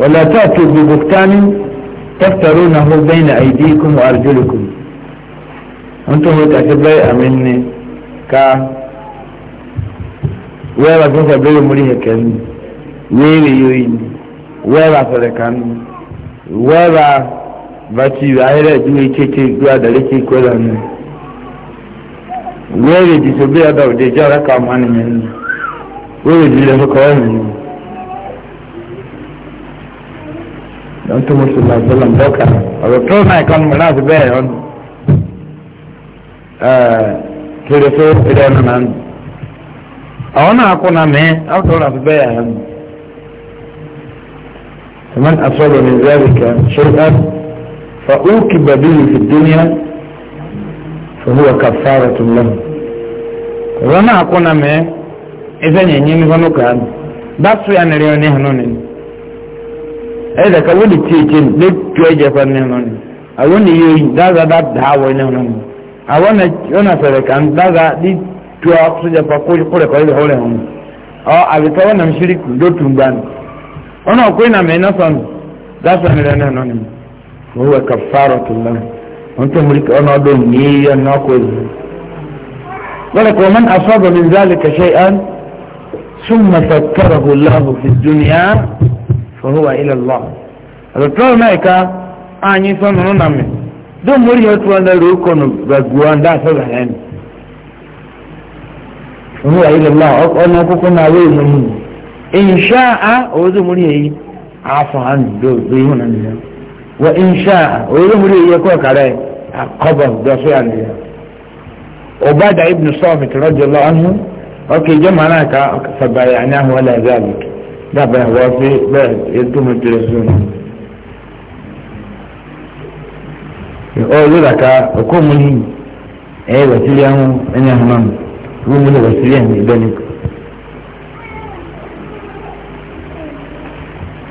ولا تأتوا ببهتان تفترونه بين أيديكم وأرجلكم أنتم متأتبعي أمني كا wẹ́ẹ̀rà tó ń fẹ̀bẹ́ ló múlí ẹ̀kẹ́ ni wéèrè yóò ní wẹ́ẹ̀rà sọ̀rẹ̀ká ni wẹ́ẹ̀rà bàtì ayẹ́rẹ́ ìdúró ìkéèké ìgbó àdàlẹ́ kí ikú ẹ̀rọ ni wẹ́ẹ̀rè ìdìsọ́bí ọ̀dọ̀ òde ìjọ́ ọ̀rẹ́ka ọmọ nìyẹn ni wẹ́ẹ̀rè ìdílé ọkọ̀ ọ̀rẹ́ nìyẹn. don tó mọ̀sùn náà sọ́lá ń bọ́kà ọ̀rọ̀ tó náà kan mọ̀ láti bẹ́ẹ̀ ọ̀n kiri tó ilé ọ̀nà náà nù. àwọn náà kọ́ na mẹ́ ọ̀tọ̀ láti bẹ́ẹ̀ ọ̀n. tẹ̀mọ́n asọ́lọ̀ ní zẹ́ríkà ṣẹ́yìn fa ókè bàbí yìí fi dúnyà fòwúwà kàfàrà tó lọ́nà. ọ̀rọ̀ náà kọ́ na mẹ́ ẹ̀fẹ̀ yẹn yín ní fọ́nù bá tó yà nílẹ̀ ọ̀ ẹ̀dà kan wọ́n lè tí èkye ní lẹ́tọ́ ẹ̀jẹ̀ fún ẹ̀nà ni àwọn ní yóò yí dáadáa dá dàá wọ ẹ̀nà ni àwọn ọ̀nà sọ̀rọ̀ kan dáadáa ní tó sójà pa kúrẹ̀ kọ́ ẹ̀dà ọ̀rẹ̀ hàn ọ àbíkọ́ wọn nàm sírí kù dótú gbà ní ọ̀nà ọ̀kọ́ ìnà mẹ́ iná sọ̀nù dáṣọ̀ ní ẹ̀nà ẹ̀nà ni wọ́n wẹ̀ kà fárọ̀ tó lọ wọ́n tó mú ọ̀nà ọdún yìí ọ̀nà ọkọ̀ ومن أصاب من ذلك شيئا ثم فكره الله في الدنيا fọwọ́wà ilẹ̀ lọ. àtọ̀tọ̀ náà ká ààyè sọ́nù nínú àmì dó mórí yẹn tó wọn lẹ́rù ọkọ̀ nù gbàgbọ́ ọ̀dà sọ̀rọ̀ yẹn ni. fọwọ́wà ilẹ̀ lọ ọ̀nà kókó náà wé ìmọ̀ yìí. ìnṣá a òwúdó mórí yẹn yìí àáfọ̀ hàn dó dó ihun náà nìyẹn. wọ ìnṣá a òwúdó mórí yẹn yẹ kọ́ kàrẹ́ àkọ́bọ̀ dọ́sọ̀ yà nìyẹn. ibùsọ̀ mi tẹ̀rọ̀ jẹ́ dábàá wá sí bẹ́ẹ̀ ètò mi tẹ̀lé sí mi. ọ̀rọ̀ lọ́dàkà ọkọ̀ mu ni ẹ̀yẹ wàsílẹ̀ ahọ́n ẹni ahọ́n àmì wọ́n mu ni wàsílẹ̀ ahọ́n ẹ̀bẹ̀ ni.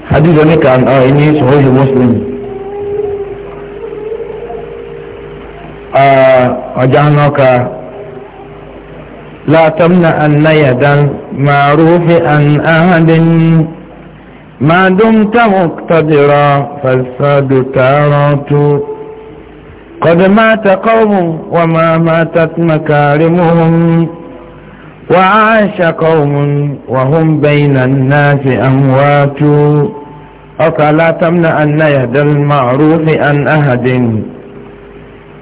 hadith ni ọjà ka. لا تمنع أن يدا معروف أن أحد ما دمت مقتدرا فالساد تارات قد مات قوم وما ماتت مكارمهم وعاش قوم وهم بين الناس أموات أفلا تمنع أن يد المعروف أن أحد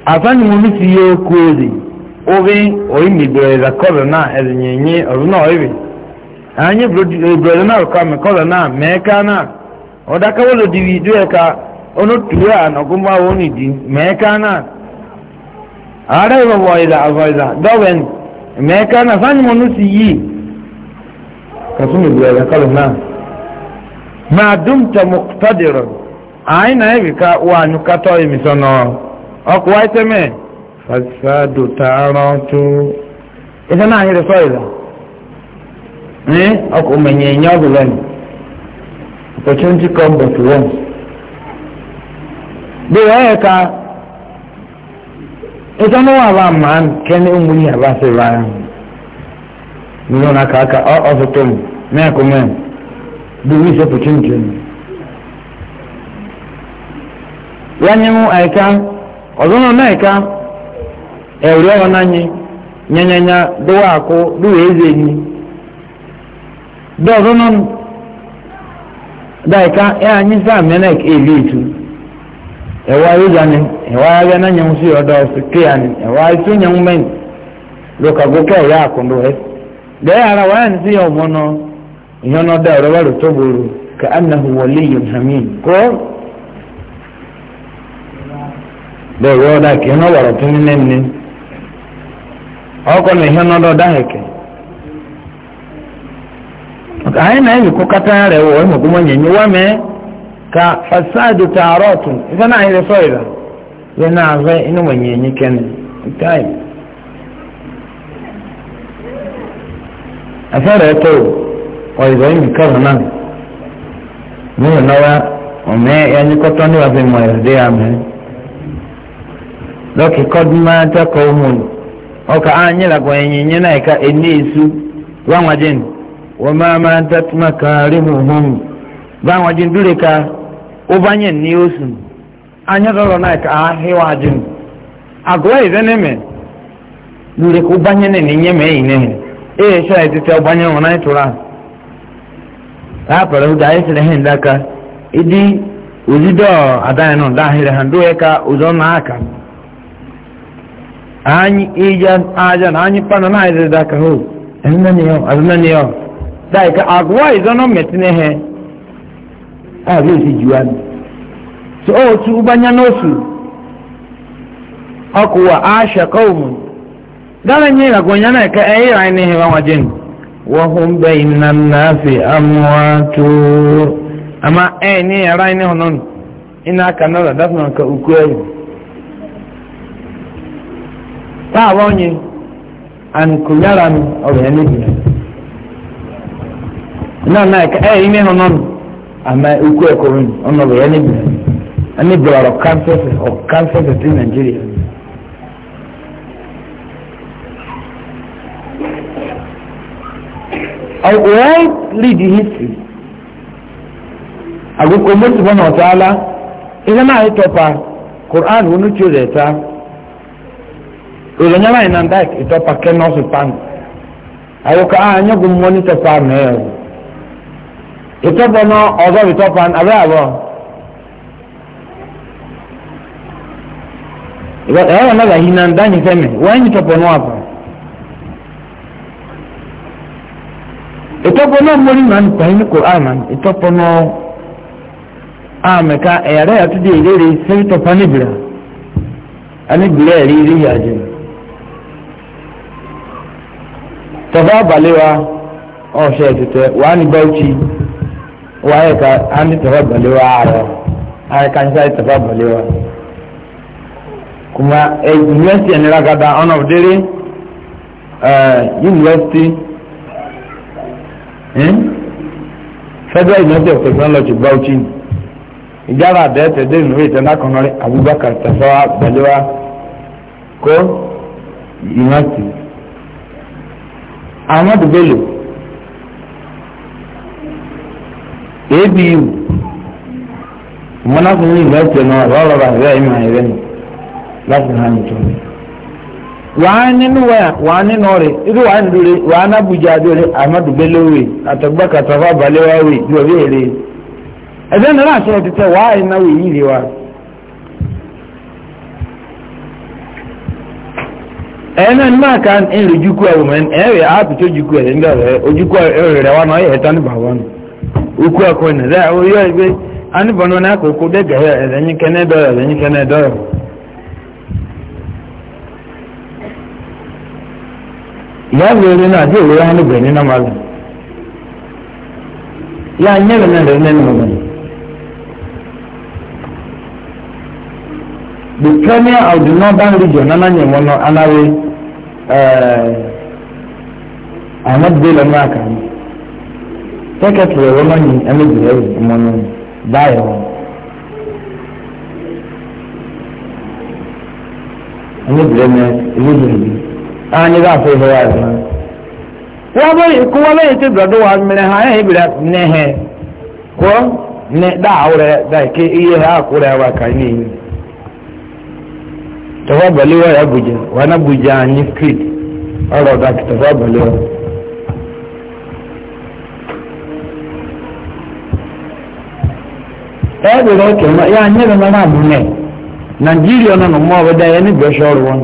أفن ممسيو كوذي obi oyimibreza kọrọ na ezinyenye ọrụna Anyi anyị breza na rụkọmi kọrọ na mee ka na ọdaka wọlọ dịrị idụ ya ka onotuwe a na ọgụmba woni dị mee ka na ara ịwọ vọịza avọịza dọwen mee ka na sanyi mọ nusi yi kasu mi breza kọrọ na ma dumta muktadiron anyị na ebi ka wa anyụ katọ emisọ nọ ọkụ wa iteme fasadu taarọ́tú ẹsẹ̀ náà yẹ sọ ìlà ní ọkọ̀ òmìnira ẹ̀yìn ọ̀gbìn lẹ́nu opportunity come but once bí wọ́n yẹ ká ẹsẹ̀ náà wà bá màá kẹ́ni ó yìí àbá sí tó mu bí wọ́n ṣe opportunity wọ́n yẹ e ọ̀hún anyi nyanyanya dọ́wọ́ àkó dọ́wọ́ ẹ̀zẹ̀ yìí dọ́ọ̀dọ́ nọ dàìka ẹ̀ anyi sáà mẹ́nẹ̀k èlé ètú ẹ̀wọ́ ayélujára ni ẹ̀wọ́ ewa náà nyẹ̀wò sí ọ̀dọ̀ ọ̀sẹ̀ kéèyà ni ẹ̀wọ́ ayélujára nyẹ̀wò mẹ́yìn lọ́kàgó kẹ́ ẹ̀yà àkóńdó ẹ̀ dẹ́yà ara wáyà sí ọmọ ìyẹn dá ka anahu wọlé yìí hàmín kọ́ bẹ́ẹ̀ wọ́ọ́dà kì náà wàrà tó ní nẹ́ẹ̀mí ọkọ na ihe nọdọ daheke anyị na-eyi kụkata rẹ wọ ịmụ gbọmọ nyenye wa mee ka fasadi taarọ tụ ife na anyị resọ ịra ya na-azụ ịnụ mụ nyenye kene nkai afẹ́rẹ́ tó ọ̀yọ̀ ìmì kọ́rọ̀ náà mú ìnáwó ọ̀mẹ́ ẹni kọ́tọ́ níwájú ìmọ̀ ẹ̀rọ dé àmì lọ́kì kọ́dúnmá jákòó mú ni. ọka anyị lagwa ịnyịnya na ịka enesu gbanwajin wama ma datuma ka rimuhum gbanwajin dure ka ụbanye ni osu anya dọrọ na ịka ahịwajin agụwa ize n'eme dure ka ụbanye na ịnyịnya ma eyi n'ehe ee sọ etiti ụbanye nwụrụ na ịtụrụ a ha pere ụda anyị sịrị ha ndaka ịdị ozi ozidọ adanyị nọ ndị ahịrị ha ndụ ya ka ụzọ na aka anyi ijan ajan anyi pana na ide da e ka ho enna ne yo azna ne yo dai ka agwa e izo e no metine he a bi si juan so o tu ubanya no su akwa asha qaumun dala nyi la gonya na ka ayi ai ne he wa wajin wa hum bainan nasi amwatu ama ai ne rai ne honon ina kanala dafna ka ukuwa báwo ọ̀nyẹ́ ànkùnyára mi ọ̀rọ̀ yẹn níbi yẹn náà náà ẹ̀ka ẹ̀ ẹ̀yìn mẹ́hàn náà àmà ikú mi ọ̀nà ọ̀rọ̀ yẹn níbi ẹni I read history? Àgùkò Mọ́tò Bọ́nà ọ̀tá Alá, ilé olonyala ina ndak itopa kenos pan ayoka a ah, anya gu mmoni to pan na eh. yo itopa no ozo ito pan abe abo iba ewa eh, na gahi na ndani feme wanyi topo no apa itopo no mmoni man kwa hini qur'an ah, man itopo no ameka ah, ere eh, atudi ilere se itopa nibira ani bile ri ri ya jini tọba balewa ọsẹ tẹtẹ wàá ní bauchi wàá yẹ á ní balewa àrọ àyẹ ká ní sáyẹ tọba balewa kuma ẹ e, yunifásitì ẹni ragada ọ̀nà òdèrè yunifásitì e, e, federal university of technology bauchi ìjára àdẹ́tẹ̀ dẹ́nu ìwé ìtẹ́ná kan náà abubakar tafawa balewa kó yunifásitì. ahmad bello abu mana kun na rọrọ ọrụ zai yi mai rani láti ha ní wàá nínú wáyà wàá nínú ọrẹ irú wàá nínú wàá nábùjá bello kàtàfà balẹ̀ èrè ẹ̀dẹ́ nínú àṣẹ wàá ẹ̀ẹ́nà ní máa ka ń rí jukú ẹ̀rù mẹ́rin ẹ̀rẹ̀ àpìtì ojukú ẹ̀rẹ̀ ń bẹ̀rẹ̀ ojukú náà yẹ̀ tán nípa wọn ukú ẹ̀kọ́ ní ẹ̀rẹ̀ àwọn yóò gbé náà kókó dẹ́gẹ̀ ẹ̀rẹ̀yìn kẹ́nẹ́ dọ́rẹ̀ ẹ̀rẹ̀yìn kẹ́nẹ́ náà dé bẹ̀rẹ̀ nínú nyẹ́rẹ̀ náà rẹ̀ nínú the premier of the northern region náà anáwé. Eh, ahmed bello náà kà ní sẹkẹtìrì ẹ̀rọ náà ní ẹlẹ́gbẹ̀rẹ́ yìí ọmọ náà báyọ̀ wọn. ẹlẹ́gbẹ̀rẹ́ náà ẹlẹ́gbẹ̀rẹ́ yìí àwọn ní bá fẹ́ ìfẹ́ wà lọ́wọ́. wọ́n bẹ kó wọ́n bẹ́yìí tí dọ̀dọ̀ wa mìíràn hàn ẹ̀yìn ìbílẹ̀ nìhẹ́ kó ní dáhùrẹ́ dáìké iye hàn kúrẹ́ wa kà ní ìyẹn tafabalewa ya abuja wani abuja anyị street ọrụ ọdaki tafabalewa ẹbẹrẹ ọkẹ ya anyẹrẹ mara amúnẹ nàìjíríà náà nà mọ ọbẹdà ẹyẹ ní gbẹsẹ ọrọ wọn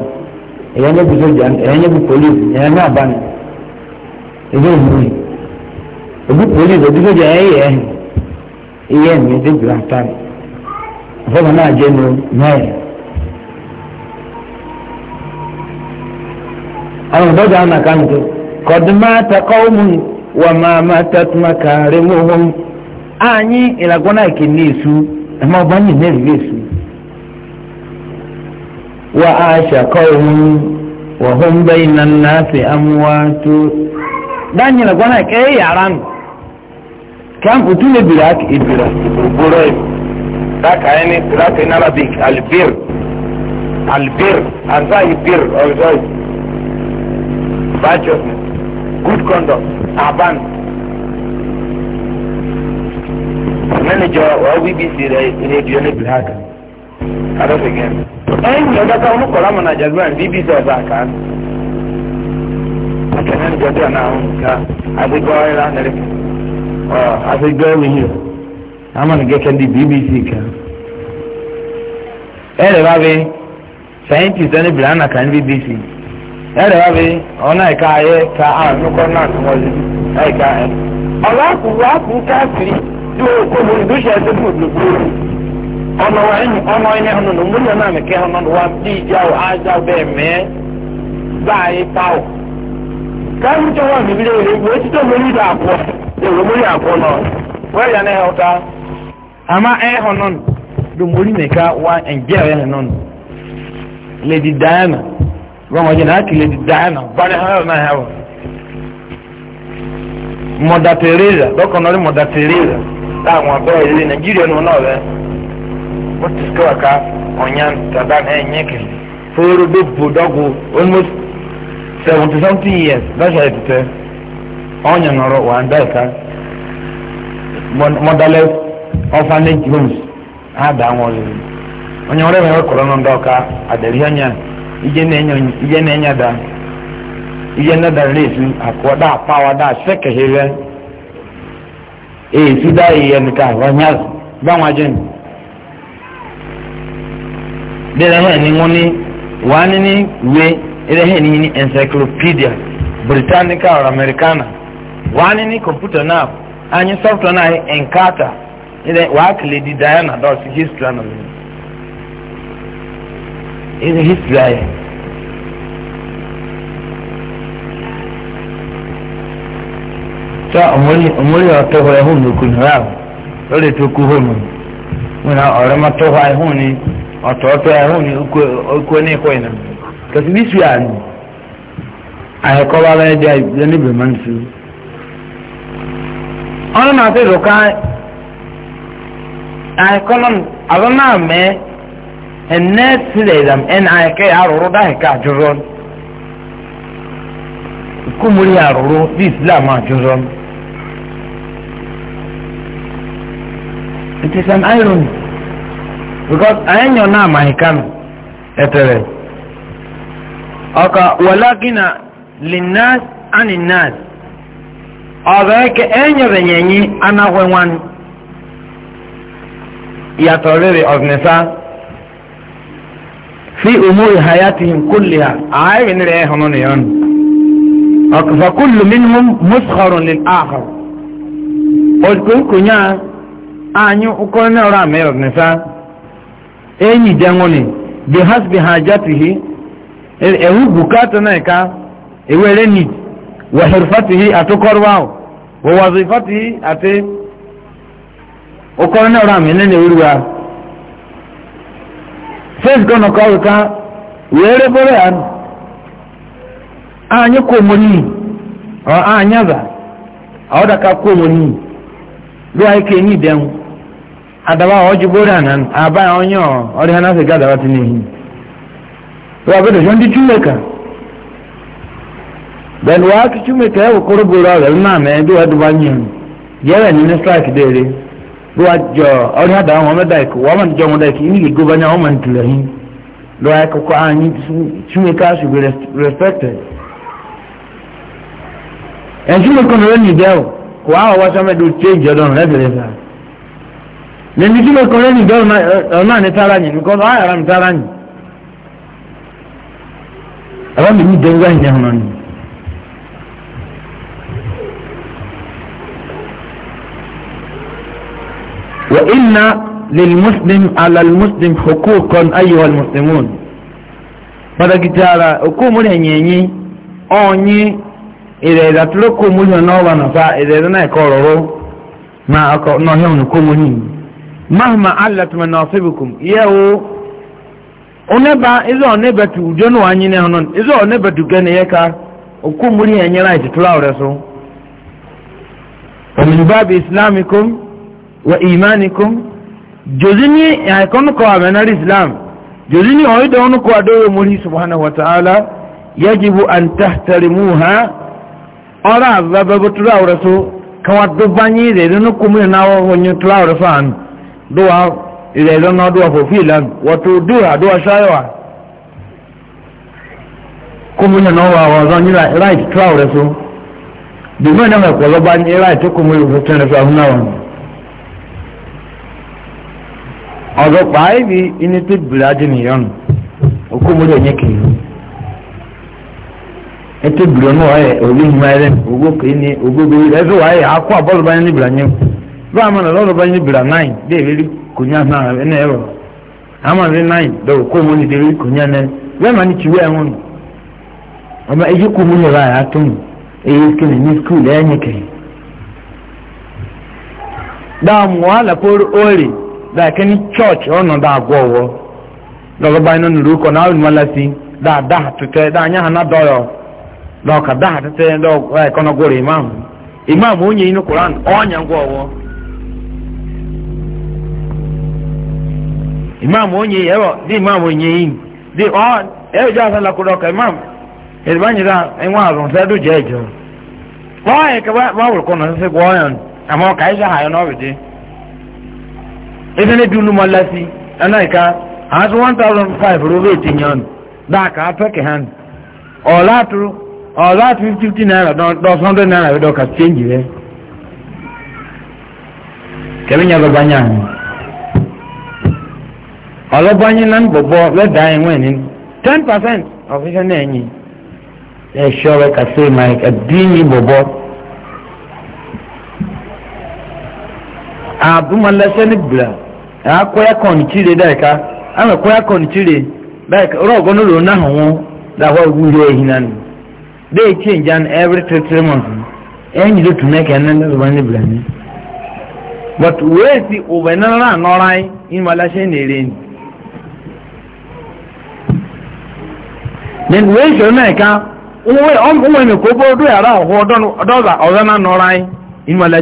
ẹyẹ ní bí sọjà ẹyẹ ní bí polisi ẹyẹ ní abani ẹyẹ ìmúni òbí polisi òbí sọjà ẹyẹ yẹ ẹyẹ mi ẹdẹ gbìlá tán ọfọwọ náà jẹ ní mẹrin. àwọn ìbọ́jà àwọn àkàǹtò kọ̀dùmáta kọ́ọ̀mù wà máa máa tẹ́tùmá kàárẹ̀ mọ́wọ́n ààyè ìlàgbọ́n náà kì ní èṣù ẹ̀mọ́ ọba yìí ní ìrírí wà á ṣàkọ́ọ̀mù wà hún bẹ́yìn náà náà fi amúwá tó dáàyè ìlàgbọ́n náà kẹ́ yàrá nù kẹ́mpù tún lè bìrà ìbìrà ìbòrò ẹ̀ dákàáyé ní dákàáyé ní albir albir azá ibir ọ̀rẹ́dọ́yìí. Bad judgment, good conduct are banned. Manager or WBC radio ni Bilhaka. That is again. Ẹyin ọjọ́ ká ọmọ kọ̀ọ̀lá mọ̀nà àjàgbọ́n àti BBC ọ̀sà kan. Akẹ́nẹ́ ní jọjọ́ náà ń ká àdégbọ́ ẹ̀rá nílẹ̀. Àdégbọ́ ẹ̀rọ yìí. Àmọ̀nà gẹ́gẹ́ ní BBC kan. Ẹ̀rẹ̀ bá bẹ sáyẹ́ntìsì ẹni Bilhana kan BBC. ẹ̀rẹ̀ wá bí ọ̀nà ìka ayé ka àánú náà tí wọ́n lé náà ìka ẹ̀. ọ̀rọ̀ àkùnrin káàkiri tí ó kó mu ìdúṣe ẹsẹ̀ fún òdòdó ọ̀nà ọ̀nà nù mú yẹn náà mi kẹ́ ọ̀nà wa bí ìjà ò ájá bẹ́ẹ̀ mẹ́ báyé táwọ̀. káàkiri tó wà níbi lè rí wọ́n ti tó mórí ìdá àpò èrò mórí àpò náà wẹ́rẹ̀ yẹn náà wọn wọ́n jẹ́ náà kìlẹ̀ dídá náà bari hàn náà yà wọ́n. mọ̀dà tèrèzà dọ́kọ̀ náà rí mọ̀dà tèrèzà táwọn abẹ́rẹ́ ilé nàìjíríà nù náà rẹ̀ wọ́n ti sikẹ́wà ká ọ̀nyá tàdá náà kìlẹ̀ fóró bó bò almost seventy something years lọ́sọ̀ ẹ̀ nọ̀rọ̀ wà ń á dà wọ́n ije na-enye da ije na da resu akwa da pawa da seke hebe e su da iye nika wanyaz ba wajen dere he ni ngoni wani ni we ere he ni encyclopedia britannica or americana wani ni computer na anyi software na encarta ile wa akili di diana dot history na e a history so omori ọtọ hɔ ɛhun n'oku n'ora oku hó mu múna ọ̀rẹ́ ni ọtọ ɛhun ni oku ní ìkọ́ ìnà kẹsì bí su àná àyẹ̀kọ́ wa lọ́yẹ́ dí àyè ní bèèmá nsú ọ̀nà àti ìdọ̀ka àyẹ̀kọ́ náà àbọ̀ náà mẹ́ẹ́. الناس لازم ان عاكي عرورو ده كعجرون كمولي عرورو دي اسلام عجرون it is an irony because ayanyo na mahikano etere aka walakina linnas aninnas ọ̀rọ̀ ẹ̀kẹ́ ẹ̀yìn rẹ̀ yẹ̀yìn anáwẹ̀wọ̀n yàtọ̀ rere ọ̀gbìnìsá fi umuri hayatihim kulliha ayi ni re hono ne yon fa kullu minhum muskharun lil akhar o ko kunya anyu ko ne ora me ne sa enyi jangoni bi hasbi hajatihi e hu bukata na ka e were ni wa hirfatihi atukorwa wa wazifatihi ate o ko ne ora me ne ne fes gọnọ ka were wee rebere ya anyị kwomori ọ anyaza ọ daka kwomori lụọ ike ni dem adaba ọ jibori anan aba onye ọ ọrịa na sị gadaba ti n'ihi lụọ abịa dọsọ ndị chumeka bẹẹni wàá kí chumeka boro ọrẹ mẹ ẹ bí wàá dùbà nyẹ ní strike dèrè. ruwajjo ọrịa da ọmọ mẹ́dàkì wọ́n mọ̀ níjọ́ mọ́dàkì inú ìgbó bá ní ọmọ ìtìlẹ̀ yìí lọ́wọ́ akọ́kọ́ ààyìn ṣúmẹ́ká ṣù bí respected ẹ̀ ṣúmẹ́kọ́ change وإن للمسلم على المسلم حقوقا أيها المسلمون فذا كتالا أكو مرهنيني أوني إذا إذا تلقوا مرهنا ونفا إذا إذا نيكورو ما أكو نهيون كومهين مهما علت مناصبكم يهو oneba إذا oneba tu ujo nu إذا ne honon izo oneba tu gane yeka okumuri ومن باب إسلامكم wa imanikum jozini ya konu ko amana islam jozini o da onu ko adoyo muri subhanahu wa ta'ala yajibu an tahtarimuha ora baba butura rasu kawa dubanyi de no kumu na wo wonyo tura rasu an duwa ile don no duwa fulfilan wato duwa duwa shayawa kumu na no wa wa zan right tura rasu duwa na ko lobanyi right kumu rubutan rasu ahuna wani ọ̀rọ̀ pàáìbì inú tó bìlá dì nìyọ́nù okú mo lè nyẹ́ ya ètò bìlá náà ọ̀yẹ̀ òbí ìhìmá ẹ̀rẹ́ ogbó kìí ní ogbó bìí ẹ̀fẹ́ wàá akọ́ àbọ́lù báyìí ní bìlá nyẹ́ bá àmà nà lọ́rọ̀ báyìí ní dé ìrírí náà ẹ̀nà ẹ̀rọ ní dọ̀rọ̀ kó dé ìrírí náà bẹ́ẹ̀ mà like any church ọnọdụ agwọ ọwọ dọgọba nọ nuru ụkọ na ahụ nmalasi daa daa tụtụ daa anya ha na dọrọ dọka daa tụtụ dọọ ịkọnọgwọrọ imam imam onye inu koran ọnya ngwọ ọwọ imam onye ẹwọ di imam onye inu di ọ ẹwọ jẹ asala kọ dọka imam ẹdịba nyere enwe azụ nsọ ẹdụ jẹ ẹjọ ọ ya kaba ma wụrụ nọ na sisi gwọọ ya ama ọ ka ịsa ha ya n'ọbịdị. idan ne dunu mallasi ana ka has 1005 robe tinyan da ka fake han ola tu ola fifty naira don 200 naira do ka change re kebe nya babanya ni ola banyi nan bobo le dai wen 10% of his name e sure ka say mike adini abu abumala sani bla a kwaya kọn daika ama kwaya kọn chire daika rogo nuru na hawo da wa na hinan they change an every three, three months en yido na ke nan but wee si obenan ra in wala she ne then wee so na ka uwe on uwe me ara in wala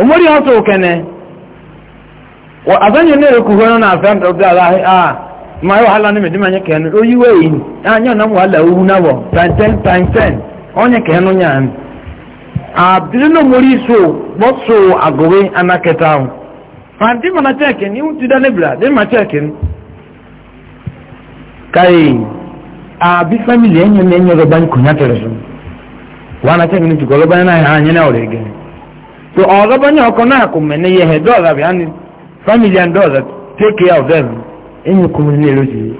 omori ọtọ okene azanyi ne eku hɔ na afɛn dɔ bi ala a maa yɛ wahala ne mɛ dima nye kɛn no oyi wɛ yi a nye ɔnam wahala owu na wɔ tanten tanten ɔnye kɛn no nyan abiri na omori so bɔ so agowe anakɛta ho ndị mana kyɛkin ni wuti da ne bira de ma kyɛkin kai abi family enye ne enyo rɔba nkonya tere so wɔn anakyɛkin ne tukɔ rɔba yɛn na yɛn a nye na ọrụ ege. so ọ̀rọ̀ bọ́ ní ọkọ̀ náà kò mẹ́ni yẹ ẹ̀ dọ́ọ̀rọ̀ àbí àní family and dọ́ọ̀rọ̀ take care of them ẹ̀yìn kò ní èrò sí i.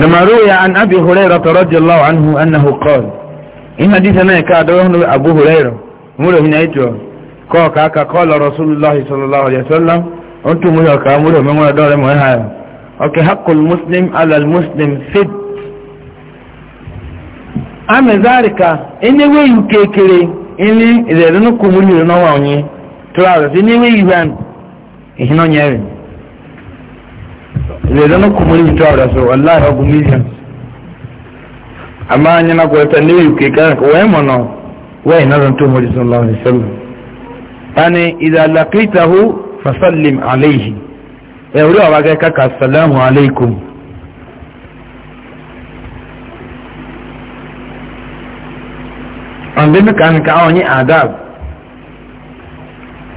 لما روي عن أبي هريرة رضي الله عنه أنه قال إن حديثنا يكادوه أبو هريرة مولو هنا يتوى قال كاكا قال رسول الله صلى الله عليه وسلم أنتم مولو كامولو من مولو دولة مهاية ọ̀kẹ́ hakul muslim alal muslim fit amẹ́zárìkà enéwé yìí kékeré ilé ìrẹ̀lẹ́nu kòmúlì rẹ̀ náwó àwọn yẹn tó rà rẹ̀ sí enéwé yìí wà ìhìnà yẹn rẹ̀ ìrẹ̀lẹ́nu kòmúlì tó rà sọ wàláhì ọgùn mílíọ̀n àmọ́ anyi náà kọ̀ọ̀tà enéwé yìí kékeré kò wẹ́ẹ́ mọ̀ náà wẹ́ẹ̀ náà tó mọ̀ ní sọ́lá ọ̀hún sẹ́lẹ̀ tani ìdàlàkìtàhù fasalim alayhi. ẹ̀rí ọ̀rọ̀ agẹ́ kàkà sàlámù aleikum ọ̀dẹ́bí kan ká ọ̀nyí adab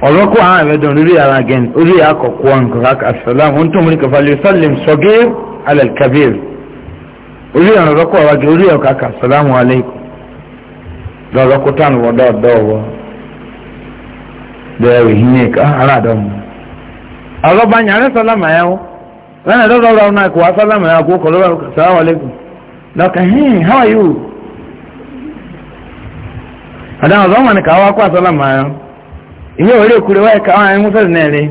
ọ̀rọ̀kọ́ àwọn ẹ̀rẹ́dùn lórí ara gẹ̀n orí akọ̀kọ́ nǹkan kàkà sàlámù ń tó mú ní lè sọ́lẹ̀ sọ́gẹ́ alẹ́kàbíir orí ọ̀rọ̀kọ́ ọ̀rọ̀ agẹ́ orí ọ̀kà kà sàlámù aleikum lọ́rọ̀kọ́ tán bẹ́ẹ̀ rẹ̀ ká ọlọ́ba nyàrin sọlámà yẹn o lẹ́nu ẹ̀dọ́dọ́ ọ̀rọ̀ náà kò wá sọlámà yẹn àkókò lọ́wọ́ sàlámà lẹ́kùn lọ́kà hìn how are you? ọ̀dà ọ̀dọ́ wọn ni kà wá kó àsọlámà yẹn ìwé òrí òkúrẹ́ wáyé kà wọ́n ẹ̀mú náà rí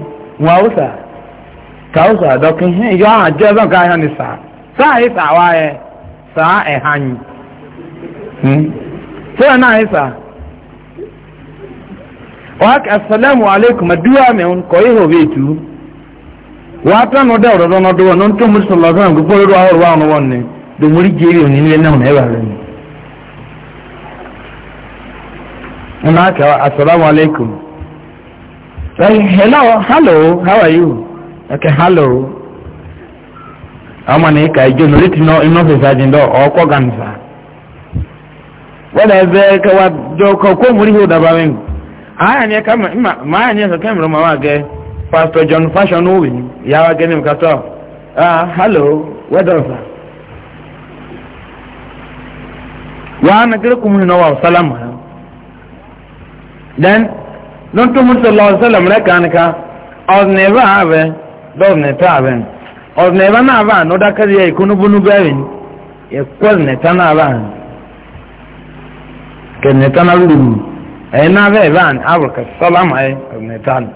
wọn àwùsà kà àwùsà hìn ìjọ àwọn àjọ ẹ̀dọ́ nǹkan ayọ̀ ni sà sà yìí sà wá yẹ ẹ̀hán yìí náà yìí sà kọ́ yìí wata no da ro no do no to mu sallallahu alaihi wasallam ko ro awor wa no wonne do muri jeri na na ba ni na ka assalamu alaikum say hello how are you okay hello ama ne ka ijo no leti ino se sajin wala ka wa do ko ko muri ho da ma ma ne ka ma wa pastor john fashion wò ní ìyáwá gẹ́nìm kátó ah hello wedding sir. wàá nàgẹ́rẹ́ kùmùnú náà wà sálàmù ẹ̀ then lọ́ntò mùsùlùmí lọ́wọ́ sálàmù rẹ̀ kànìkà ọ̀dùnà ẹ̀bá ààbẹ̀ dọ́ọ̀dùnà ẹ̀tọ́ ààbẹ̀ ọ̀dùnà ẹ̀bá náà bá àná dákàdé ẹ̀ ìkónúbónú bẹ́ẹ̀ ni ẹ̀kọ́ ọ̀dùnà ẹ̀tọ́ náà bá àná kẹ̀dùnà ẹ̀tọ́ náà rúrù ẹ̀yìn náà bẹ́ẹ̀ bá àná àbùkà sálàmù ẹ̀ ọ̀dùnà ẹ̀tọ́ náà.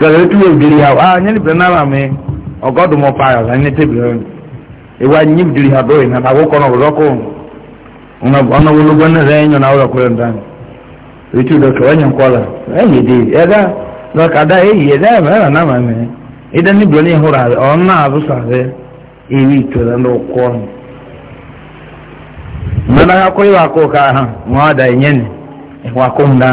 gọ̀rọ̀ tí wọ́n dìrì hàwọ́ ah nyẹ́ nìbìrì náà mi ọgọ́dùnmọ́ pààyà ọ̀sán ní tèbìrì ọ̀nà ìwà nyẹ́ dìrì hàbọ̀ yìí náà àwòkọ́ náà ọ̀dọ́kọ̀ ọ̀nà ológun náà rẹ̀ ẹ̀yàn náà ọ̀dọ́kọ̀ yọ̀ ndánù ètò ọ̀nà ọ̀nà ha nwa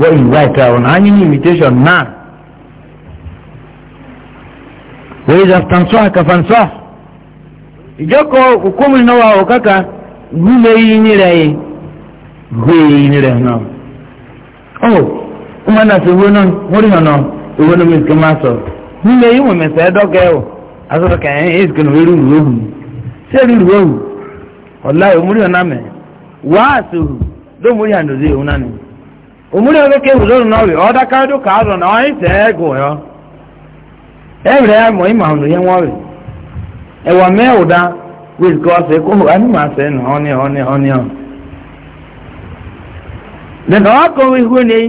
what you write anyị ní invitation náà wọ́n yíza fansọ́ àkàfansọ́ ìjọkọ̀ òkúmi náà wà òkàkà gúlẹ̀ yìí nílẹ̀ yìí gúlẹ̀ yìí nílẹ̀ náà ọ̀ ọmọ náà ti wọ́n náà wọ́n rí ọ̀nà ìwọ́n náà mẹ́sìkì máa sọ gúlẹ̀ yìí wọ́n mẹ́sẹ̀ ẹ́dọ́kẹ́ ọ̀ asọ́dọ̀kẹ́ ẹ̀yìn èsìkì náà wẹ́rù ìwọ́hù ṣé rí ìwọ́hù ọ̀la ìwọ́n rí ọ̀nà mẹ́ wàásù ló mú rí àndòdì òun omuli onoke wuloro n'ọrịa ọdakarịdụ ka azụ na ọnyị sị ego ya ewere ya ma ịma ọnụ ya nwọrị ewa mee ụda wezi ka ọ sị ko anyị ma sị na ọnị ọnị ọnị ọ dịka ọ kọrọ ihu na eyi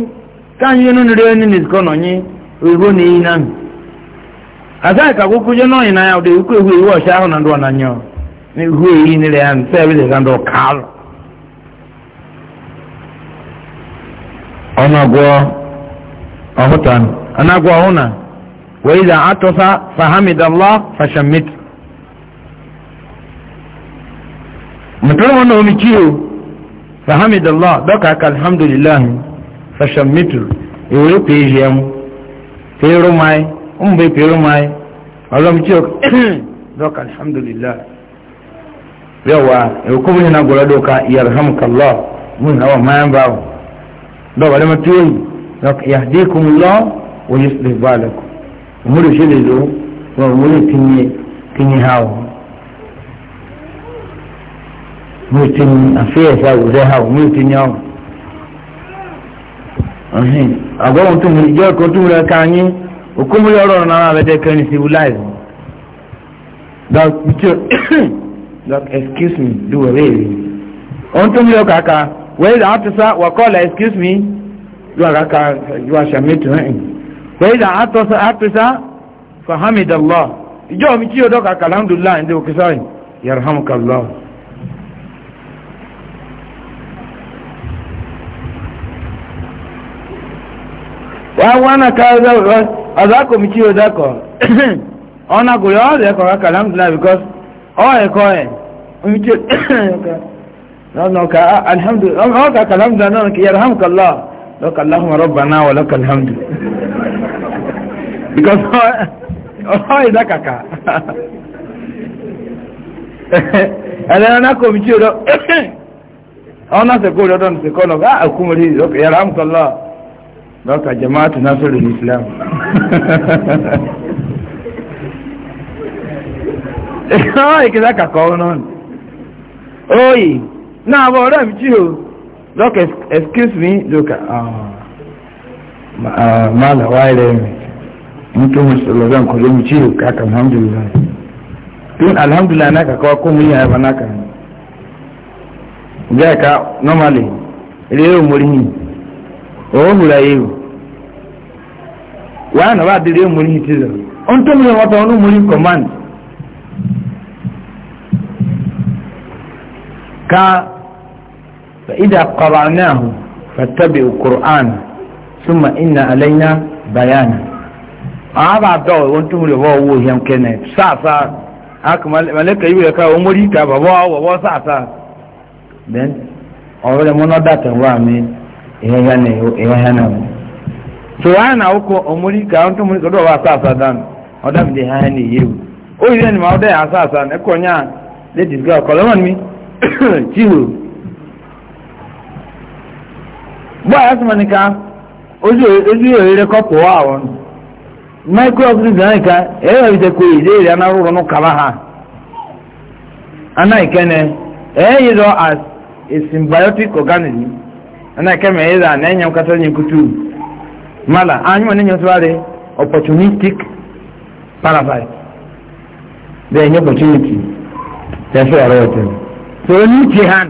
ka anyị yọnụ nri onye n'izikọ na onye ihu na eyi na asa ka akwụkwọ jọ n'ọnyị na ya ọ dị ukwu ihu ihu ọcha ahụ na ndụ ọ na anya ọ na ihu eyi nire ọnagwọ ọhụtan anagwọ ọhụna waiza atọsa fahamidallah fashamit mutum wọn na omi ciwo fahamidallah dọka aka alhamdulillah fashamitu ìwé pèéjì ẹmu pèérú mai ọmọbẹ pèérú mai ọlọmi ciwo dọka alhamdulillah yọwa èkó mi nínú agbọ̀rọ̀ dọka yarhamukallah mu nínú àwọn mayan báwọn dɔw wɛrɛ ma tuyo yi donc yahdi kum lɔ o yi sile ba la ko o mu de se le do wa o mu de tinye tinye ha o mu de tinye a fi yɛ sa o zɛ ha o mu de tinye o ɔhin agbɔwɔn tun mu jɛ ko tun mu la kan o ko mu yɔrɔ nana a bɛ tɛ kɛrin si wula yi donc excuse me du wɛrɛ yi o tun mu k'a kan. وإذا عطس وقال excuse me you are shamit وإذا عطس عطس فحمد الله جو ميتيو دوكا الحمد لله عندي وكساي يرحمك الله وانا كذا أذاكو ميتيو ذاكو أنا أقول هذا يكو الحمد لله because أوه يكو ميتيو لأنك الحمد لك الحمد لأنك يرحمك الله لك اللهم ربنا ولك الحمد because ọ̀họ́ ìdákàkà ẹ̀lẹ́rẹ́ náà kò bí jí ọ̀dọ́ ọ̀họ́ náà sẹ̀kọ́ ọ̀dọ́ ní يرحمك الله لك جماعة ناصر الإسلام ọ̀họ́ ìkìdákàkà ọ̀họ́ náà náà wọ ọ̀rẹ́ mi o lọ́k excuse me lóka ah. ah, máa là wáyé rẹ̀ mi ní tó mo sọ̀rọ̀ lọ́n kò lómi tí o kàkà alhamdulilayi tún alhamdulilayi náà kàkọ́ kó mu yàrá náà kà bẹ́ẹ̀ ká normally ilé yóò mórí yìí òun hùrà yìí wàá nà bá délé mórí yìí ti zọ̀ ohun tó mu yẹ wọ́n tọ́ ọ́n mórí command. ka فإذا قرأناه فاتبعوا القرآن ثم إن علينا بيانا أعب عبد الله وانتم لبوا يوم كان ساعة ساعة أك ملك يقول لك أمري كابا بوا بوا ساعة ساعة then أولا منا داتا وامي إيه هنا إيه هنا so ana uko omuri ka onto muri ko do wa sasa dan odam de ha ni yiu o ile ni ma ode asasa ne konya ladies go kolomon mi chihu bọ́ọ̀ yẹn sọ̀rọ̀ nìkan ojú òrèrè kọ́pù wà wọn microsoft ní sọ̀rọ̀ nìkan ẹ̀rọ ìṣe kò ìdí èrè anárúurú ní kaba ha anáìkẹ́ni ẹ̀yẹ́ yìí lọ as a symbiotic organism anáìkẹ́mi e ẹ̀yẹ́ dà na nyẹ́m kátó nyẹ́ kutu mala anyuma ní nyẹ́ sọ́wárì opportunistic parasite bẹ́ẹ̀ nyẹ́ opportunity tẹ̀sí ọ̀tẹ̀ so oní hàn.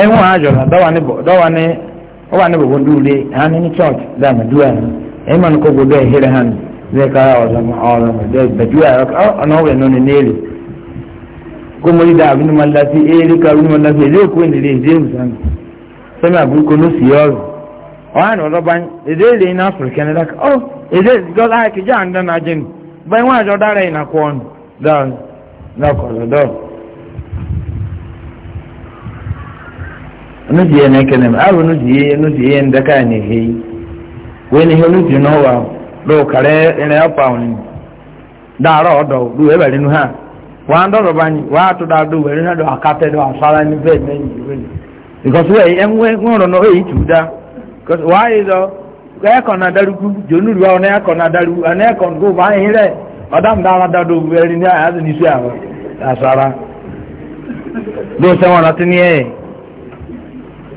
ẹ̀wọ̀n àjọ̀rọ̀ dọ́wà ní ọwà ní gbogbo ndúlé hàn ní church dáàmà dúwà ní ẹ̀yìn mọ̀nà kó gbogbo ẹ̀ hẹ́rẹ̀ hàn ní kára ọ̀sán ọ̀rọ̀ bẹ̀dúwà ọ̀nà ọ̀wẹ̀ nínú nílé gómọlì dáa bí nímọ̀ lásì éèrí ká bí nímọ̀ lásì èdè òkú ènìyàn èdè òsàn sẹ́mi nujiye na kene ma abu nujiye nujiye ne he he no wa do kare da ro do du e, e nu e ha wa ndo ro wa to da du na do akate do asara ni be me ni we because we enwe ngoro no e, e itu da because why do ka ko na daru ku jonu na ko na daru ana ko go ba he re adam da da do ni ni su asara do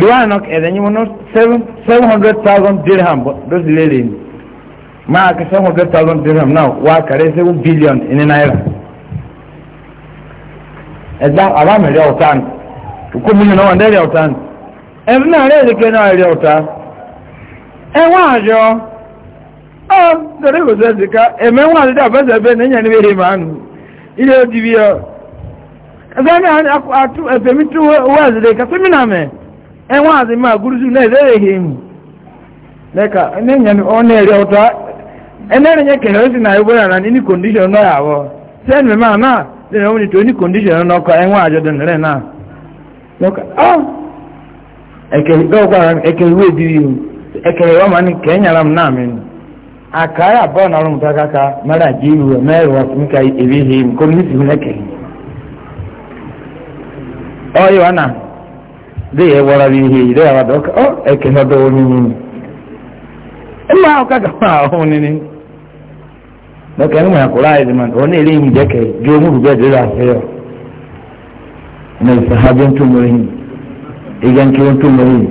riwaya nok ẹ̀dẹ̀ yìí wọn seven hundred thousand dirham ló sì léèrè ni máa ka seven hundred thousand dirham náà wà kàrẹ́ seven billion ní náírà ẹ̀dá àbámẹ̀rẹ̀ ọ̀tán kókó mi nínú wọn dẹ́rẹ̀ ọ̀tán ẹ̀dùn náà rẹ̀ èdèké náà rẹ̀ ọ̀tá ẹ̀ wọ́n àjọ ọ́ dọ̀rẹ́ kò sẹ́ sika ẹ̀mẹ́ wọn àti dà fẹsẹ̀ bẹ́ẹ̀ níyàn ní wẹ́rẹ́ màá nù ilé ó ti bí ọ ẹ̀fẹ́ mi àti ẹ̀fẹ́ mi tún wọ́ọ̀sì enwe azị ma guruzu na-ezereghị emu leka enenyen ọ na a. ụtọ enerenye kere osi na egbere na ndị kondishọn nọ ya abụọ a na dị na omenito ndị kondishọn nọ ka enwe dị na ọ ekere dọkwara m ekere na zai yi e wara bihi zai yawa da waka oh aiki na da wani ne in ma hauka ga ma hau ne ne da ka yi mai hakura a iziman wani irin yi da ka yi biyo mu rubuwa da zafi yau mai sahabin tumurin igan kiwon tumurin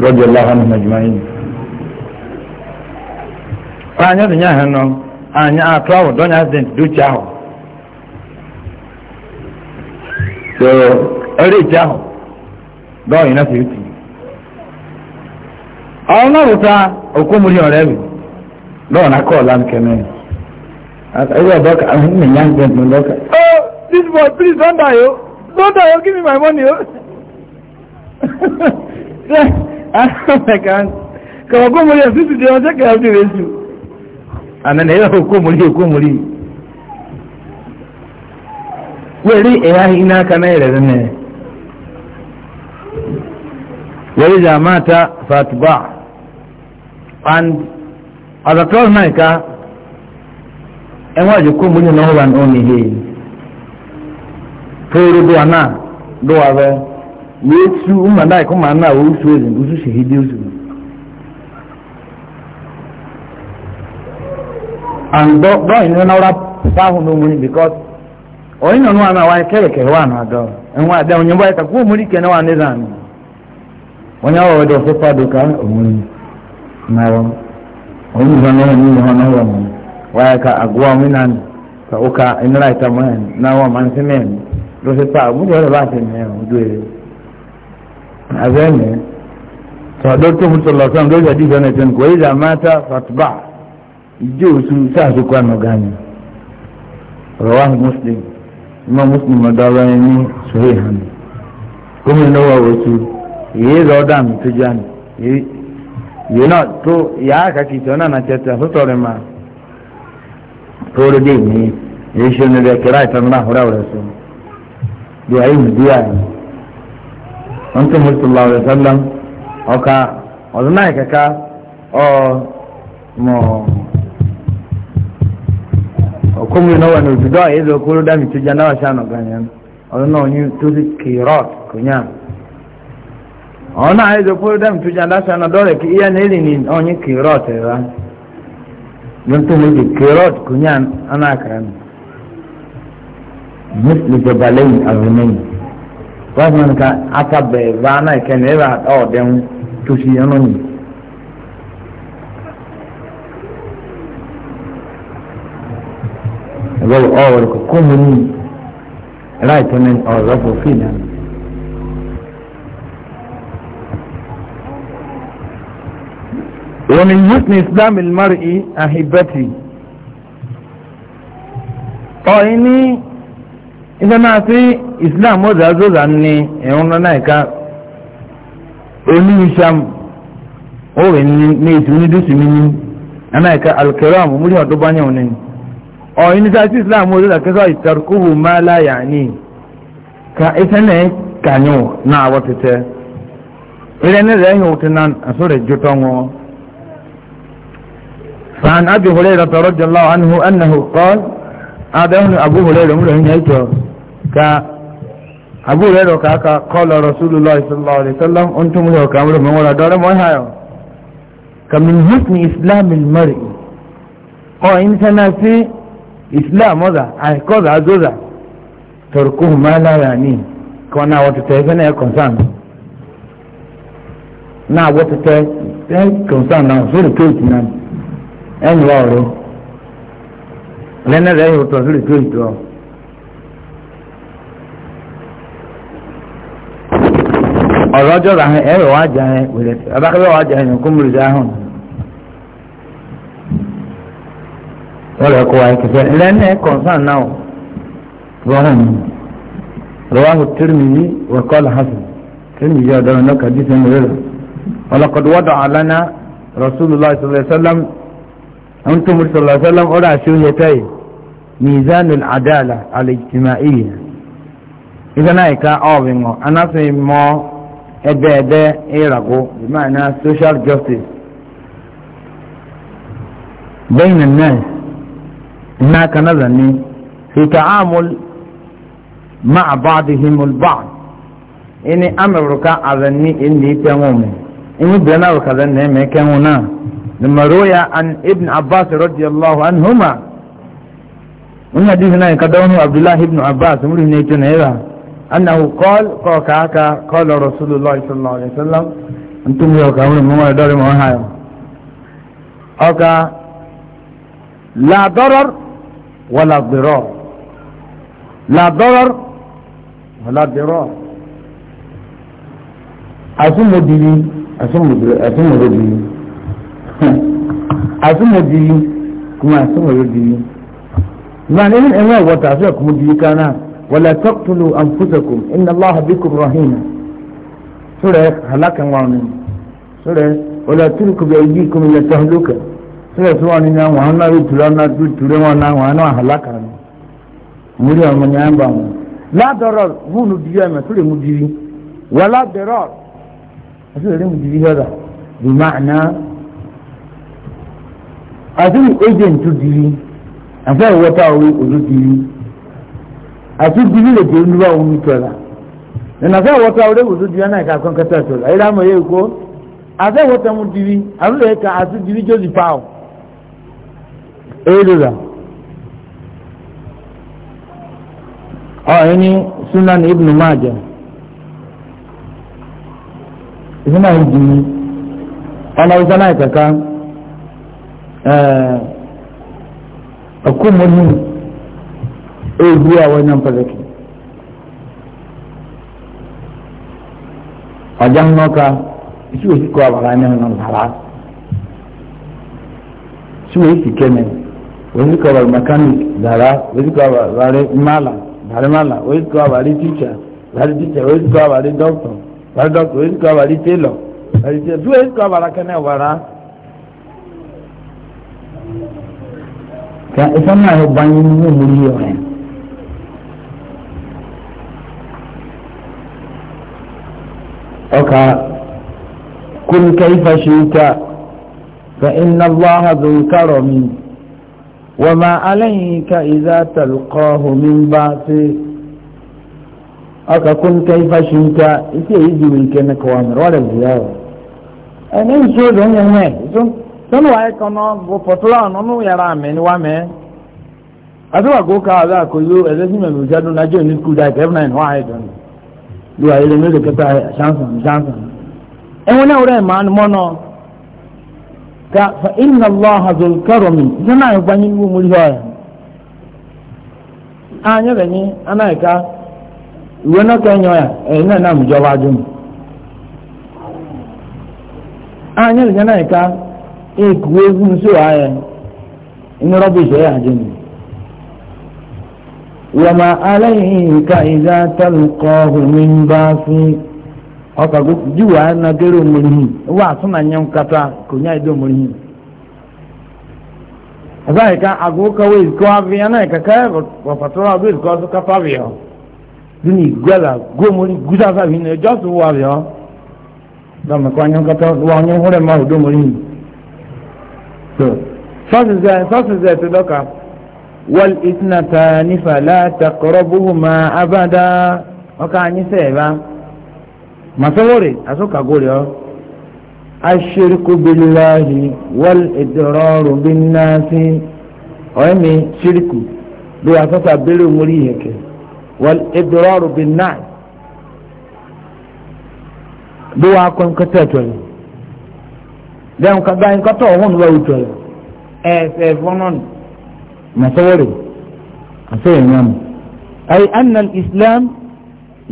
rọ́jò láhánù mẹ́jìmáyìn ányá dìnyá nọ ọrụ echi ahụ dọọ yi na sị uti ọ nọrụta okomori ọrịa bi dọọ na kọọla nkeme ebe ọdọ ka ahụ nne ya nkwe ntụ ndọka oh this boy please don die o oh. don die o oh, give me my money o ha ha ha ha ha ha ha ha ha ha ha ha ha ha ha ha ha ha ha وإذا مات فاتبع and as a twelve man ka ẹ wá jẹ kó mu ní náà wà ní òní hìí tóoru do àná do wà bẹ wọ́n su ọmọ dáì kọ́ màá náà wọ́n su ẹ̀sìn wọ́n su ṣèhí dé and dọ́ dọ́ ìnira náà wọ́n sáhùn ní òmùnì because ọ̀yìn náà wọ́n àná wáyé kẹ́rẹ̀kẹ́rẹ́ wà náà dọ́ ẹ̀wọ̀n àdá ònyìnbó ẹ̀ka wọ́n yà wọ́wọ́ dọ̀ fọ́pá dùkà òun náwọ́ òun ìhàn náà ní ìhàn náà wọ̀ mọ́ wáyà ká àgọ́ àwọn iná ka ó na ìnira ìta mọ́ ẹ̀ náwọ́ máa ń sí mẹ́rin ló fi pa àbújá rẹ̀ bá ti mẹ́rin ojú ẹ̀ àbẹ́ẹ̀mẹ́ tọ́dọ̀ tó mú tọ̀lọ̀ sọ́n lórí ẹ̀dí ìfẹ́ nìkan kò ìdá mátà fatubá ìjọ òsù sáàsùkú ànàgá ni rọwá muslim imam muslim ọ̀dọ́ ọ̀rọ̀ ẹni sọ̀rọ̀ ìhàn gómìnà wà wọ́sùn yeye oda mtujani you know to ya kati tona na cheta hutorema tori dini yesho ni de kirai tamna hura urasu di ayi mudia antum hutullah wa sallam oka odna ikaka o mo o komu no wanu tudo ayi zo kuru da mtujani wa shano ganyan odna onyu tudi kirot kunyana ọ̀nà àìsàn fúlùdàm tó jà lásán náà dọ́rẹ̀ kí iye nílì ní ọ̀nyí kìrọ́ọ̀t ẹ̀rá lọ́tọ́ méjì kìrọ́ọ̀t kò ní àná àkàrà nù mùsùlùmí jọba lẹ́yìn àrùnmẹ́yìn wọ́n fún mi ká atabẹ̀ bá náà ìkẹ́ni ẹ̀rọ ọ̀dẹ́hùn tó ṣe ẹnu nì. ẹ̀rọ ọ̀rọ̀ kò kó mi ومن حسن إسلام المرء أحبتي ọ̀ìní iṣẹ́ náà sí islam ó zàzọ́zà ní ẹ̀rùn náà ẹ̀ka oníṣàm orin ní ètò onídùsùmí ní anáìka alkaram múlí ọ̀dọ́ bá ní ọ̀nà ọ̀ìní sáà sí islam ó zàzà kẹsàn ìtàrkùhù máa láyà ní ka iṣẹ́ náà kàyọ̀ na wọ́tẹ̀tẹ̀ ilẹ̀ rẹ̀ yóò tẹ̀ náà àsọ̀rẹ̀ jọ́tọ̀ wọn فعن أبي هريرة رضي الله عنه أنه قال هذا أبو هريرة مرهن يجو ك أبو هريرة كاكا قال رسول الله صلى الله عليه وسلم أنتم له كامل من ولا دار ما كمن حسن إسلام المرء أو إنسان في إسلام هذا أيقظ عزوزة تركوه ما لا يعني كنا وتتهفنا يكون سان نا وتتهفنا يكون سان نا سورة كيوتنا ẹnu ọrọ nínú rẹ yóò tọ sílẹ tó ìtọ. ọ̀rọ̀ ọjọ́ ra ẹ ẹ̀rọ wa jà ẹ wẹ̀rẹ̀ abákẹ́wẹ́ wa jà ẹ nìkú mìíràn jà hàn. wọ́n lọ kó wa kẹfẹ́ lẹ́nu ẹ̀ kọ̀nsán náà wọ́n hàn mí. رواه الترمذي وقال حسن الترمذي هذا نكديس مريرة ولقد وضع لنا رسول الله صلى الله عليه وسلم àwọn tó mọ̀tò lọ́sọ́lọ́m ọ̀rọ̀ àṣọ yẹtọ́ yìí mizanul adala alijtimaiya ìfẹ́ náà ìka ọ̀bì wọn anáfin mọ́ ẹgbẹ́ ẹgbẹ́ ìràgó ìmáàna social justice bẹ́yìn náà iná kanáda ní fi ta'amul ma'a ba'dihimul ba'd ini amurka azanni inni tẹ́wọ̀n mi inú bẹ́ẹ̀ náà kaza ní ẹ̀mẹ́kẹ́wọ̀n náà لما روي عن ابن عباس رضي الله عنهما من حديثنا كدونه عبد الله بن عباس مره نيتنا هذا أنه قال قال قال رسول الله صلى الله عليه وسلم أنتم يا يوكاون ما يدور ما هاي أوكا لا ضرر ولا ضرار لا ضرر ولا ضرار أسمو دي أسمو دي أسمو دي asuma diri kuma asuma yɛ diri man ɛni ɛni ɛwɔ ta asuma kuma diri kana wala tɔkutulu anfusakum inna allah bikum rahima sura halakan wani sura wala turku bi ayi kuma ya tahluka sura sura ni na wa hana yi tura na du tura wa na wa hana halaka ni muri wa mun yan ba mu la darar hunu diri ma sura mu diri wala darar asuma mu diri hada bi ma'ana àtúrù agent dìrí àfẹ́ ìwọ́ta ọrụ òdó dìrí Na dìrí lè ọrụ níwá òun nítọ́lá nínú àfẹ́ ìwọ́ta òwe òdó dìrí náà ìka kan kẹta mụ dịrị lámọ̀ yẹ ka àfẹ́ dịrị jọzi dìrí àrùlé ẹ̀ka Ọ dìrí jọ́sì na èyí lòlá. ọ̀hìn sunan ibn majah Ọ na ọ̀nà ìsáná aka. hukumomin eh, ebiya wannan fazaki wajen noka shi wa shikowa ba ranar nan hara shi wa shi kenan wa shikowa ba mekanik dara wa shikowa ba zare mala dare mala wa shikowa ba ri teacher zare teacher wa shikowa ba ri doctor zare doctor wa shikowa ba ri tailor zare tailor su wa shikowa ba ra kenan ka isa na yau bayan mu muri yau ne oka kun kaifa shita fa inna allaha dhu karami وما عليك إذا تلقاه من بعثه أككن كيف شئت إذا يجي من كنك وامر ولا زيارة أنا يسود هنا هنا sọ́nù wáyé kan náà bó pọ̀tọ́lá ọ̀nà ní yàrá mi ni wá mẹ́. àtúwàkó ká àbẹ́ àkóyó ẹ̀lẹ́sìn mẹ́rin ìjádùn lájọ́ òní kú dá ìkẹ́ fúnà ìnáwó àìdùn lu àyèlè mélòó kẹta ṣáǹsàn ṣáǹsàn. ẹ̀wọ̀n náà rẹ̀ máa ka fa inna allah mu ikuwe egwu nso ahịa inye rọbish ya haji mu wama alayhi ka iza talqahu min basi ọka jiwa na gere omurihi wa asụ na nye nkata konya ido omurihi azaghị ka agụ kawa izikọ na ikaka wafatara abụ izikọ ọsọ dị na na onye ma so sọ́sìsẹ́ ti dọ́ka wọ́n ìtìnàta nífà látàkọ́rọ́bùhùmá abáda ọkà anyísẹ́ ẹ̀bá masọ́wọ́rẹ̀ asọ́kàgórẹ̀ ọ́ aṣírikúbìláhì wọ́n ìdọ̀rọ̀rùn bí náà sí ọ̀ẹ́mi ṣírikù ló wà sọ́sà bẹ̀rẹ̀ mórí ìhẹ̀kẹ́ wọ́n ìdọ̀rọ̀rùn bí náà ló wà kọ́ńkọ́tẹ̀tọ̀ yìí. dẹ́n kagbá nkọ́tọ̀ ọ̀hún lọ òtò ẹ̀ ẹ̀ ẹ̀ fọ́nọ́n mọ̀sọ́wọ́rẹ̀ àṣeyẹ̀ nyàm. ayi anna islam oh,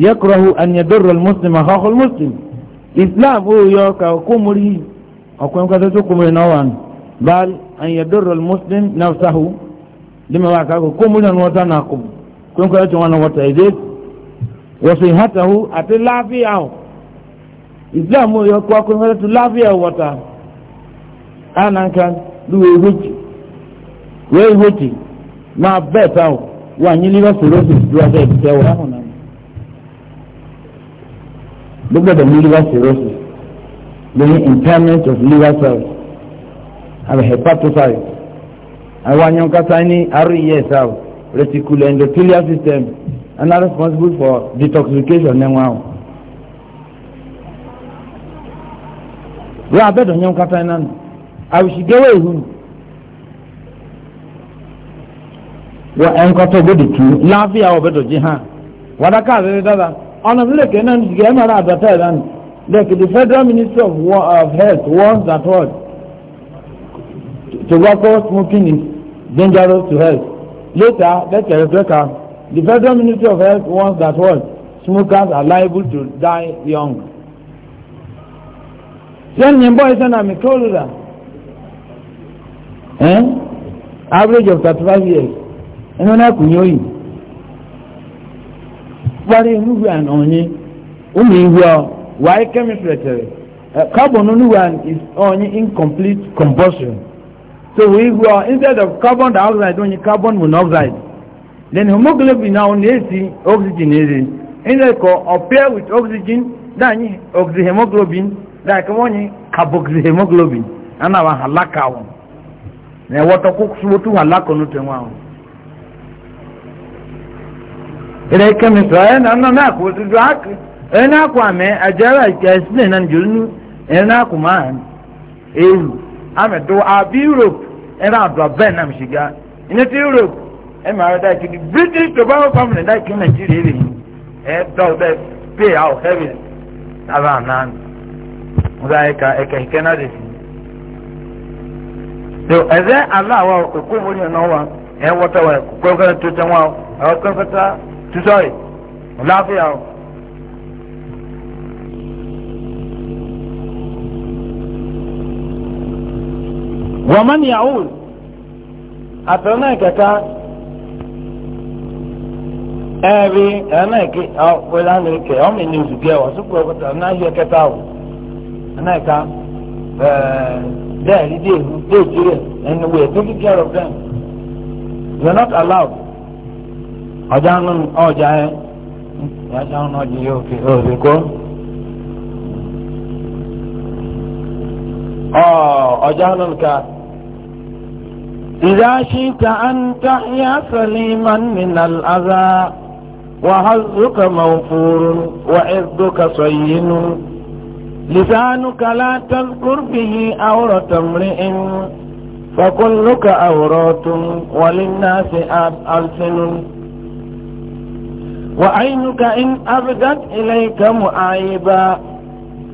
yakurahu anyadoro muslim akọ́kọ́ muslim islam ó yọ ká kómori ọ̀kùnrin kọ́tọ́ tó kómori náà wà nù bal anyadoro muslim nafsahu dima wa kaako kómori náà wọ́n tán náà kó kómori kọ́tọ́ tó wọn náà wọ́n tán ẹ̀dẹ́ wọ́sẹ̀ hàtàhu àti láàfíà islam ó yọ kó akómori kọ́tọ́ tó láàfíà wọ́tàn anankan lúwo wéjì wéé wéjì máa bẹ́ẹ̀ ta o wà ní liver cirrhosis ló wáṣẹ ìdíjẹ wa ló gbọdọ̀ ní liver cirrhosis lóyún impairment of liver cells and àbẹ̀ hepatocyte àwọn anyankasa ní res out reticular endothelial system and are responsible for detoxification ní wọn o. wọ́n abẹ́dọ̀ nyankasa náà nù àwùsìgẹ́wé ìhùn wọ ẹnkọtọ gbọdọ tu láàfíà ọbẹ dọjí hàn wàdàkà àbẹbẹ dada ọ̀nà mílẹ̀kẹ́ náà nìyí ẹ̀ mara àbẹ̀tẹ̀ ẹ̀ dání lẹ́kì the federal ministry of, war, of health warns that what tobacco smoking is dangerous to health later lẹ́kì ẹ̀rẹ́fẹ́ka uh, the federal ministry of health warns that what smokers are liable to die young. sẹ́ni ẹ̀ bọ́ ẹ̀ sẹ́ni àmì kí ó average of thirty five years ẹnu náà kù yín òyìn parí olúwa ọ̀nyin ọmọ ìwé ọ wàá chemistry tẹ̀lé carbon olúwa is ọ̀nyin incomplete combustion so wọ́n ìwé ọ instead of carbon dioxide ọ̀nyin carbon monoxide then hemoglobin náà ọ̀nyin èsì oxygen èsì instead kọ ọ̀pẹ́ with oxygen dáàyìn oxyhemoglobin dáàkẹ́ wọ́n yin carboxyhemoglobin ẹ̀nà wà hàlákà wọn. Eh, na ewota kukusubu tu halako nute mwao ila ikemi so ena na na ku tu haki ena eh, ku ame ajara eh, ikesne nan julnu ena ku man eyu ame do abi europe ena do ben na mshiga ina europe e ma da ki british tobacco company da ki nigeria ile e do pay out heavy so ɛdɛ ala awa eko mori na wa ɛ wɔta wa kɔnkɔn to tɛ wa ɛ kɔnkɔn ta tu sɔri o laafiya o. wọ́n ni àwọn àtọ̀rọ̀ náà kẹta ẹ̀rí ẹ̀rọ náà kẹ ọ̀pọ̀ ìlànà ìkẹ ọmọ ènìyàn oṣù kẹ ọ̀sùn pọ̀ ọ̀pọ̀ náà yẹ kẹta o náà kẹta ẹ̀ẹ́. there they they children and we are taking care of them you are not allowed ọjà ń ọjà ẹ ọjà ń ọjà yóò fi òòlù kó ọjà ń nǹka ìdá ṣíta ń ta ya saliman min al'aza wa hazuka mawfurun wa لسانك لا تذكر به عورة امرئ فكلك عورات وللناس ألسن وعينك إن أبدت إليك معايبا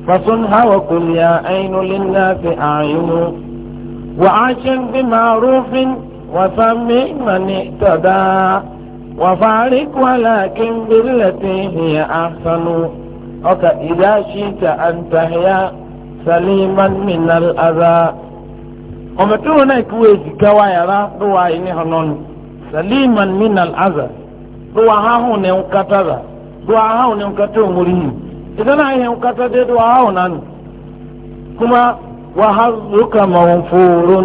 فصنها وقل يا عين للناس أعين وعاشر بمعروف وسم من اهتدى وفارق ولكن بالتي هي أحسن ọkà ìdá ṣíta àǹtàhìá saliman minal ara ọmọtúrò náà kú èsì káwá yàrá ló wà ní hànán saliman minal aza ló wà háhùn ní nkátà rà ló wà háhùn ní nkátà òmùrí yìí ìdáná ihe nkátà dé ló wà háhùn nánu kuma wà há lókà màwọn fòrò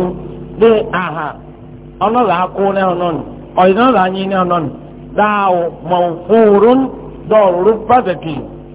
dé àhà ọ̀nà kú ní hànán ọ̀yìn náà là nyí ní hànán dáàwó màwọn fòrò dọ̀rọ̀ pàtàkì.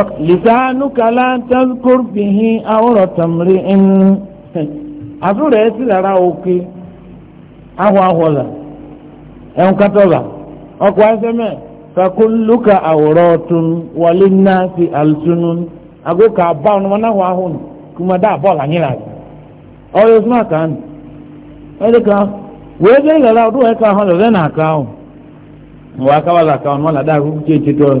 لسانك لا تذكر به عورة امرئ àtúrò ẹ sì rárá òkè ahọ ahọlà ẹn kátọlà ọkọ ẹsẹmẹ kakuluka àwòrán ọtún wọlé náà sí àlùtúnú àgókà àbáwọn ọmọ náà wà áhùn kùmà dá bọ́ọ̀lù ànyìnlá ọyọ súnmọ́ àkàn ẹ̀ẹ́dẹ́ka wọ́n ẹgbẹ́ ìlàlá ọdún ẹ̀ka ọ̀hún lọ́dẹ́ náà kàn án wọ́n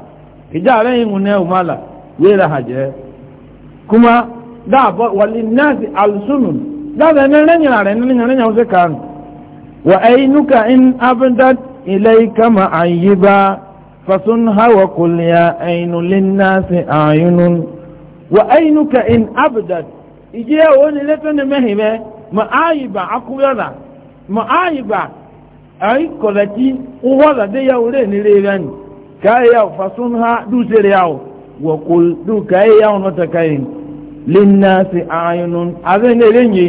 ijara yin ne umala yera haje kuma da ba walin nasi alsunun da da ne ran yara ne ne ran yauze kan wa ainuka in abdat ilayka ma ayiba fasunha wa qul ya ainu lin nasi ayunun wa ainuka in abdat ije woni leto ne mehibe ma akuyana ma ay kolati uwala de ya ure ni rewani kai yau fasunha dusir yau wa kul du kai yau nota kai linnasi ayunun abin ne ren yi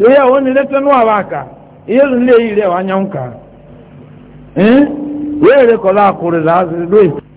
sai ya wani latan wa baka irin le yi rewa nyanka eh were kola kure za su